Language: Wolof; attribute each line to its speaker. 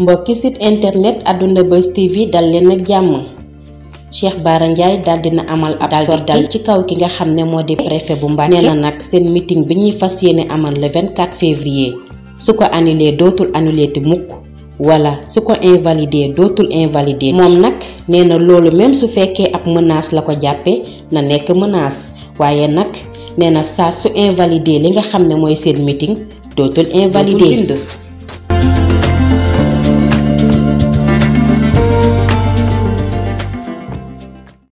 Speaker 1: mbokki site internet àdduna bës TV dal leen ak jàmm Cheikh Bara Ndiaye dal dina amal ab sortie dal ci kaw ki nga xam ne moo di préfet bu Mbacké nee na nag seen meeting bi ñuy fas yéene amal le 24 février su ko annulé dootul annulé te mukk wala su ko invalidé dootul invalidé moom nag nee na loolu même su fekkee ab menace la ko jàppe na nekk menace waaye nag nee na saa su invalider li nga xam ne mooy seen meeting dootul invalider